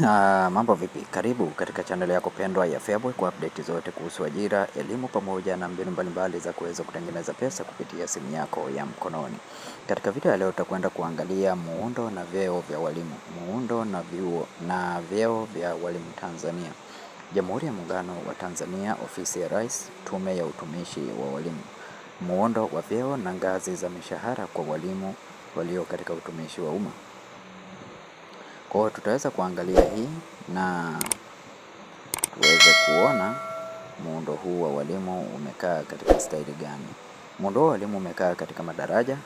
Uh, mambo vipi? Karibu katika chaneli yako pendwa ya Feaboy kwa update zote kuhusu ajira, elimu pamoja na mbinu mbalimbali za kuweza kutengeneza pesa kupitia simu yako ya mkononi. Katika video ya leo tutakwenda kuangalia muundo na vyeo vya walimu, muundo na vyuo na vyeo vya walimu Tanzania, Jamhuri ya Muungano wa Tanzania, Ofisi ya Rais, Tume ya Utumishi wa Walimu, muundo wa vyeo na ngazi za mishahara kwa walimu walio katika utumishi wa umma. Kwa hiyo tutaweza kuangalia hii na tuweze kuona muundo huu wa walimu umekaa katika staili gani. Muundo wa walimu umekaa katika madaraja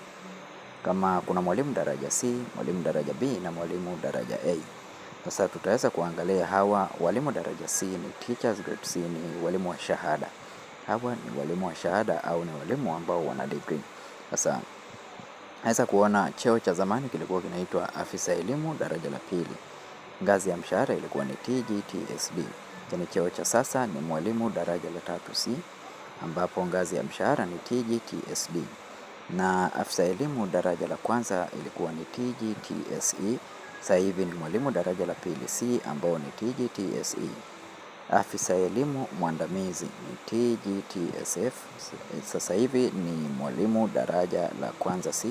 kama kuna mwalimu daraja C, mwalimu daraja B na mwalimu daraja A. Sasa tutaweza kuangalia hawa walimu daraja C ni teachers grade C, ni walimu wa shahada. Hawa ni walimu wa shahada au ni walimu ambao wana degree. Sasa Naweza kuona cheo cha zamani kilikuwa kinaitwa afisa elimu daraja la pili. Ngazi ya mshahara ilikuwa ni TGTSB, yaani cheo cha sasa ni mwalimu daraja la tatu C, ambapo ngazi ya mshahara ni TGTSB, na afisa elimu daraja la kwanza ilikuwa ni TGTSE. Sasa hivi ni mwalimu daraja la pili C, ambao ni TGTSE. Afisa elimu mwandamizi ni TGTSF, sasa hivi ni mwalimu daraja la kwanza C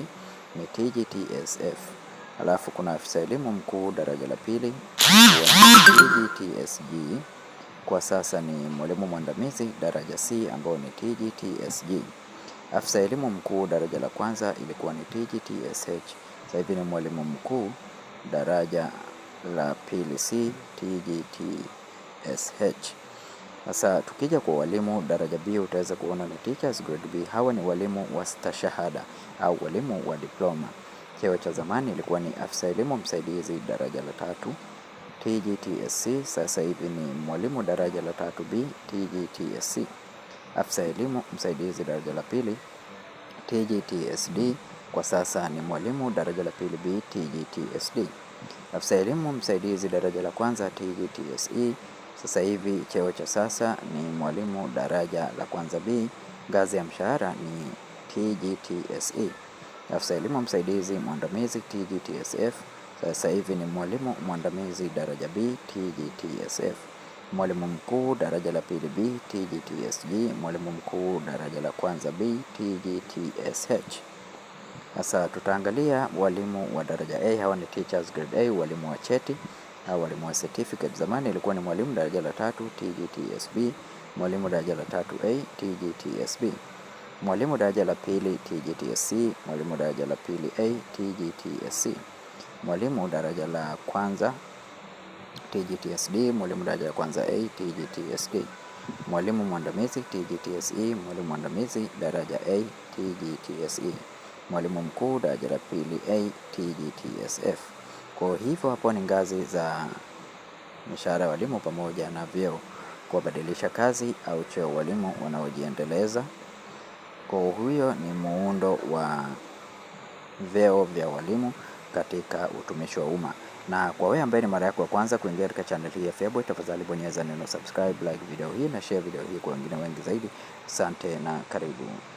ni tgtsf Alafu kuna afisa elimu mkuu daraja la pili TGTSG. kwa sasa ni mwalimu mwandamizi daraja C ambao ni tgtsg Afisa elimu mkuu daraja la kwanza ilikuwa ni tgtsh sasa hivi ni mwalimu mkuu daraja la pili C tgtsh sasa tukija kwa walimu daraja B utaweza kuona ni teachers grade B. Hawa ni walimu wa stashahada au walimu wa diploma. Cheo cha zamani ilikuwa ni afisa elimu msaidizi daraja la tatu TGTSC, sasa hivi ni mwalimu daraja la tatu B TGTSC. Afisa elimu msaidizi daraja la pili TGTSD, kwa sasa ni mwalimu daraja la pili B TGTSD. Afisa elimu msaidizi daraja la kwanza TGTSE sasa hivi cheo cha sasa ni mwalimu daraja la kwanza B, ngazi ya mshahara ni TGTSE. Afisa elimu msaidizi mwandamizi TGTSF, sasa hivi ni mwalimu mwandamizi daraja B TGTSF. Mwalimu mkuu daraja la pili B TGTSG, mwalimu mkuu daraja la kwanza B TGTSH. Sasa tutaangalia walimu wa daraja A, hawa ni teachers grade A, walimu wa cheti au walimu certificate. Zamani ilikuwa ni mwalimu daraja la tatu TGTSB, mwalimu daraja la tatu A TGTSB, mwalimu daraja la pili TGTSC, mwalimu daraja la pili A TGTSC, mwalimu daraja la kwanza TGTSD, mwalimu daraja la kwanza A TGTSD, mwalimu mwandamizi TGTSE, mwalimu mwandamizi daraja A TGTSE, mwalimu mkuu daraja la pili A TGTSF. Kwa hivyo hapo ni ngazi za mishahara ya walimu pamoja na vyeo, kuwabadilisha kazi au cheo walimu wanaojiendeleza. Kwa huyo ni muundo wa vyeo vya walimu katika utumishi wa umma. Na kwa wewe ambaye ni mara yako ya kwanza kuingia katika channel hii ya FEABOY, tafadhali bonyeza neno subscribe, like video hii na share video hii kwa wengine wengi zaidi. Asante na karibu.